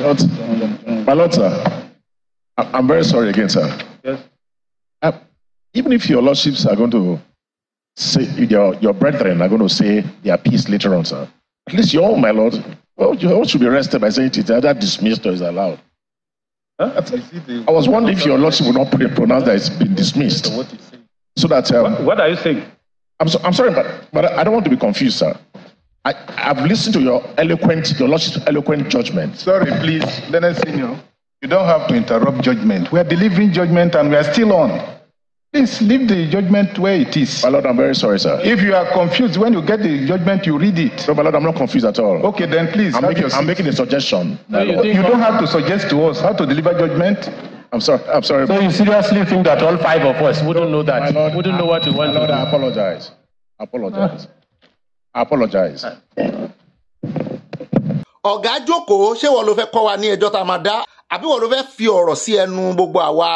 Not, my lord, sir, I'm very sorry again, sir. Yes. Uh, even if your lordships are going to say, your, your brethren are going to say their piece later on, sir, at least you, all, my lord, well, you all should be arrested by saying it is either dismissed or is allowed. Huh? I was wondering if your lordship would not pronounce that it's been dismissed. So that. Um, what, what are you saying? I'm, so, I'm sorry, but, but I don't want to be confused, sir. I, have listened to your eloquent, theological eloquent judgment. Sorry, please, Leonard Senior. You don't have to interrupt judgment. We are delivering judgment and we are still on. Please leave the judgment where it is. My Lord, I'm very sorry, sir. If you are confused, when you get the judgment, you read it. No, my Lord, I'm not confused at all. Okay, then please. I'm, making, I'm making, a suggestion. No, you, you don't have to suggest to us how to deliver judgment. I'm sorry. I'm sorry. So you seriously think that all five of us wouldn't know that? Lord, wouldn't know what we want? My Lord, I apologize. I apologize. apologize. ọ̀gá jókòó ṣé wọ́n ló fẹ́ kọ́ wa ní ẹjọ́ tá a máa dá àbí wọ́n ló fẹ́ fi ọ̀rọ̀ sí ẹnu gbogbo àwa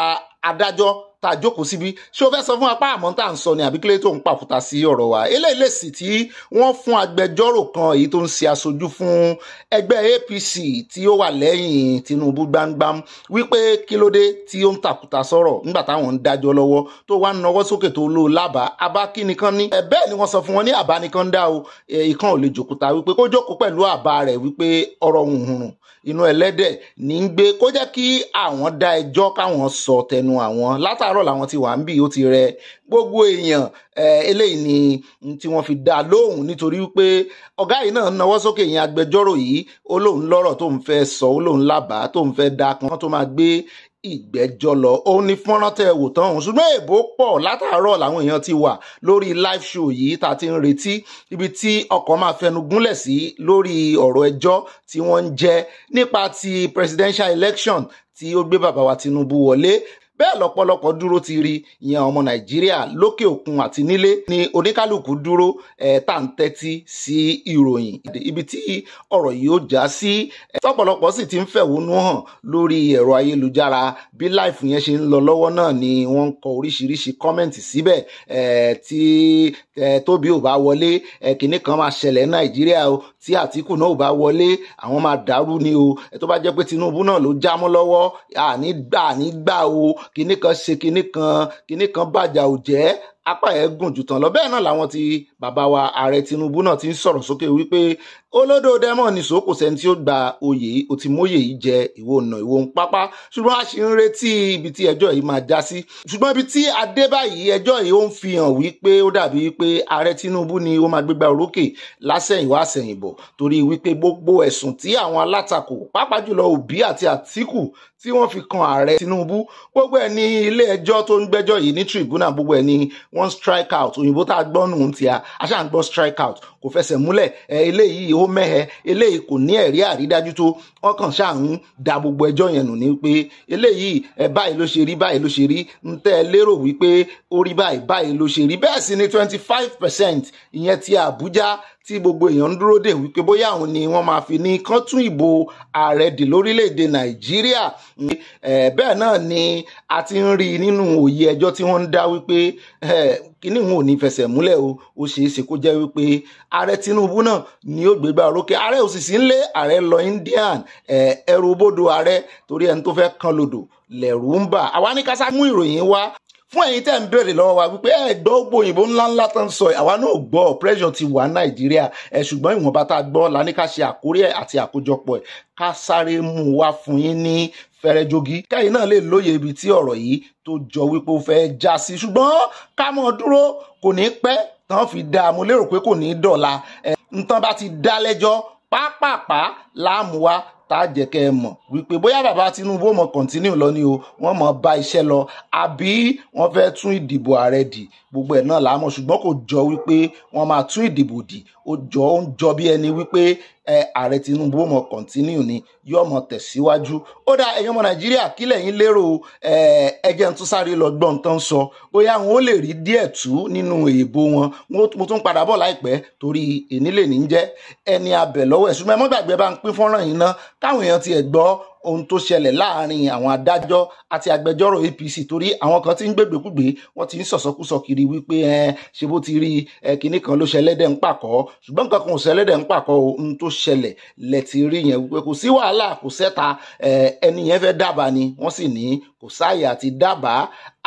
adájọ́ ta a jókòó síbi ṣé o fẹ́ sọ fún apá àmọ́ tá à ń sọ ni àbí kílé tó ń pàkúta sí ọ̀rọ̀ wa eléyìí lèsì tí wọ́n fún agbẹjọ́rò kan èyí tó ń ṣe aṣojú fún ẹgbẹ́ APC tí ó wà lẹ́yìn Tinubu gbámgbám wípé kí ló dé tí ó ń tàkúta sọ̀rọ̀ nígbà táwọn ń dájọ́ lọ́wọ́ tó wá ń nawọ́ sókè tó lò lábàá abá kí nìkan ní bẹ́ẹ̀ ni wọ́n sọ fún wọn ní àbá nìkan dá o ìkan ò lè jòkúta wípé kó jókòó pẹ̀lú àbá rẹ̀ wípé ọ̀rọ̀ hùhùn inú ẹlẹ́dẹ̀ ní gbé kó jẹ́ kí àwọn dá ẹjọ́ káwọn sọ tẹnu àwọn látà àárọ̀ làwọn ti wà ń bì ó ti rẹ gbogbo èèyàn eléyìí ni tí wọ́n fi dá lóhùn nítorí pé ọ̀gá yìí náà nawọ́ sókè yẹn agbẹjọ́rò yìí ó lóun lọ́rọ̀ tó ń fẹ́ sọ ó lóun lábàá tó ń fẹ́ dá kan tó máa gbé ìgbẹ́jọ́ lọ ó ní fọ́nrán tẹ́ wò tán òun ṣùgbọ́n èbó pọ̀ látàárọ̀ làwọn èèyàn ti wà lórí live show yìí tá a ti ń retí ibi tí ọkọ̀ máa fẹnu gúnlẹ̀ sí lórí ọ̀rọ̀ ẹjọ́ tí wọ́n ń jẹ nípa ti presidential election tí ó gbé bàbá wa Tinubu wọlé bẹ́ẹ̀ lọ́pọ̀lọpọ̀ dúró ti rí ìyẹn ọmọ nàìjíríà lókè òkun àti nílé ni oníkálukú dúró ẹ̀ tá à ń tẹ́tí sí ìròyìn ibi tí ọ̀rọ̀ yìí ó já sí tọ́pọ̀lọpọ̀ sì ti ń fẹ̀hónú hàn lórí ẹ̀rọ ayélujára bí láìfù yẹn ṣe ń lọ lọ́wọ́ náà ni wọ́n ń kọ oríṣiríṣi kọ́mẹ̀ntì síbẹ̀ tí tóbi ò bá wọlé kinní kan máa ṣẹlẹ̀ nàìjíríà o tí àtìkù náà ò bá wọlé àwọn máa dàrú ni o tó bá jẹ́ pé tinubu náà ló jámọ́ lọ́wọ́ àní gbà àní gbà o kinní kan ṣe kinní kan kinní kan bàjà ò jẹ́ apá ẹ̀ gùn jù tán lọ bẹ́ẹ̀ náà làwọn ti bàbá wa ààrẹ Tinubu náà ti ń sọ̀rọ̀ sókè wípé olódò demon nìṣó kò sẹ́ni tí ó gba oyè yìí ó ti móyè yìí jẹ ìwọ ọ̀nà ìwọ ń pápá ṣùgbọ́n a sì ń retí ibi tí ẹjọ́ yìí máa já sí ṣùgbọ́n ibi tí adé báyìí ẹjọ́ yìí ó ń fi hàn wípé ó dàbí wípé ààrẹ Tinubu ni ó máa gbégbá orókè lásẹ̀yìnwá àsẹ̀yìnbọ̀ torí wípé gbogbo ẹ̀sùn tí àwọn alátakò pàápàá jùlọ Obi àti Àtíkù tí wọ́n fi kan ààrẹ Tinubu gbogbo ẹ̀ ní ilé ẹjọ́ tó ń gbẹ́jọ́ yìí ní tribunal gbogbo ẹ̀ ní wọ́n strike out òyìnbó tá a gbọ́ nù ń tiẹ̀ àṣà ń gbọ́ strike out kò fẹsẹ̀ múlẹ̀ ẹ̀ eléyìí ó mẹ́hẹ eléyìí kò ní ẹ̀rí àrídájú tó wọ́n kàn ṣáà ń da gbogbo ẹjọ́ yẹn nù ní pé eléyìí ẹ báyìí ló ṣe rí báyìí ló ṣe rí ń tẹ́ ẹ lérò wípé ó rí báyìí báyìí ló ṣe rí bẹ́ẹ̀ sì ni twenty five percent ìyẹn ti Àbújá tí gbogbo èèyàn ń dúró dè wípé bóyá àwọn ni wọ́n máa fi ní kán tún ìbò ààrẹ dè lórílẹ̀‐èdè nàìjíríà bẹ́ẹ̀ náà ni a ti ń rí nínú òye ẹjọ́ tí wọ́n ń dá wípé kíní wọn ò ní fẹsẹ̀ múlẹ̀ o ó ṣeé ṣe kó jẹ́ wípé ààrẹ Tinubu náà ni ó gbégbá orókè ààrẹ ò sì sí ń lé ààrẹ lọ Indian ẹrù bodò ààrẹ torí ẹni tó fẹ́ kan lodò lẹ̀rú ń bà àwa ní ká mú ìròyìn wá fún ẹ̀yin tẹ́ ń béèrè lọ́wọ́ wa wípé ẹ gbọ́ gbogbo òyìnbó ńláńlá tó ń sọ àwa náà gbọ́ pressure ti wà nàìjíríà ẹ ṣùgbọ́n ìwọ̀nba tá a gbọ́ la ní ká ṣe àkórí ẹ̀ àti àkójọpọ̀ ẹ̀ ká sáré mú wá fún yín ní fẹrẹjogi kẹ́yìn náà lè lóye ibi tí ọ̀rọ̀ yìí tó jọ wípé ó fẹ́ já sí ṣùgbọ́n ká mọ dúró kò ní pẹ́ tán fi dá mo lérò pé kò ní dọ̀la ẹ̀ ń tán bá ti dá lẹ́jọ́ pápápá láàmú tá a jẹ́ kẹ́ ẹ mọ̀ wípé bóyá bàbá Tinubu ó mọ̀ continue lọ ni o wọ́n mọ̀ bá iṣẹ́ lọ àbí wọ́n fẹ́ tún ìdìbò ààrẹ dì gbogbo ẹ̀ náà là á mọ̀ ṣùgbọ́n kò jọ wípé wọ́n máa tún ìdìbò dì ó jọ ó ń jọ bí ẹni wípé ẹ ààrẹ Tinubu ó mọ̀ continue ni yóò mọ̀ tẹ̀síwájú ó dá ẹ̀yàn ọmọ Nàìjíríà kí lẹ̀yin lérò ẹ ẹjẹ́ ń tún sáré lọ gbọ́n tán sọ bóyá wọn ó lè rí díẹ̀ tú nínú èèbó wọn mo tún padà bọ̀ láìpẹ́ torí ènílè ní jẹ́ ẹni abẹ̀ lọ́wọ́ ẹ̀ ṣùgbọ́n ẹ mọ́ bá ń pín fọ́nrán yìí ná káwọn èèyàn tiẹ̀ gbọ́ ohun tó ṣẹlẹ̀ láàrin àwọn adájọ́ àti agbẹjọ́rò APC torí àwọn kan ti ń gbègbèkúgbè wọ́n ti ń sọ̀sọ́kúsọ kiri wípé ẹ ṣe bó ti rí ẹ kinní kan ló ṣẹlẹ́dẹ̀ ń pàkọ́ ṣùgbọ́n nǹkan kan ò ṣẹlẹ́dẹ̀ ń pàkọ́ ohun tó ṣẹlẹ̀ lẹ̀ rí yẹn wípé kò sí wàhálà kò sẹ́ta ẹni yẹn fẹ́ dábàá ni wọ́n sì ní kò sáàyè àti dábàá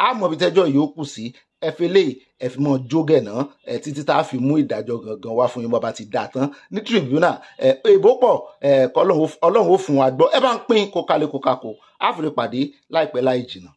àmọ́ bí tẹ́jọ́ yìí ó kù sí ẹ fi lè ẹ fi mọ jógẹ̀ náà ẹ títí tá a fi mú ìdájọ́ gangan wá fún yín bọ́ba ti dà tán ní tribunal ẹ èbó pọ̀ ẹ kọ́ ọlọ́run ó fún wa gbọ́ ẹ bá ń pín kókalẹ̀ kókakó àfìrè pàdé láì jìnnà.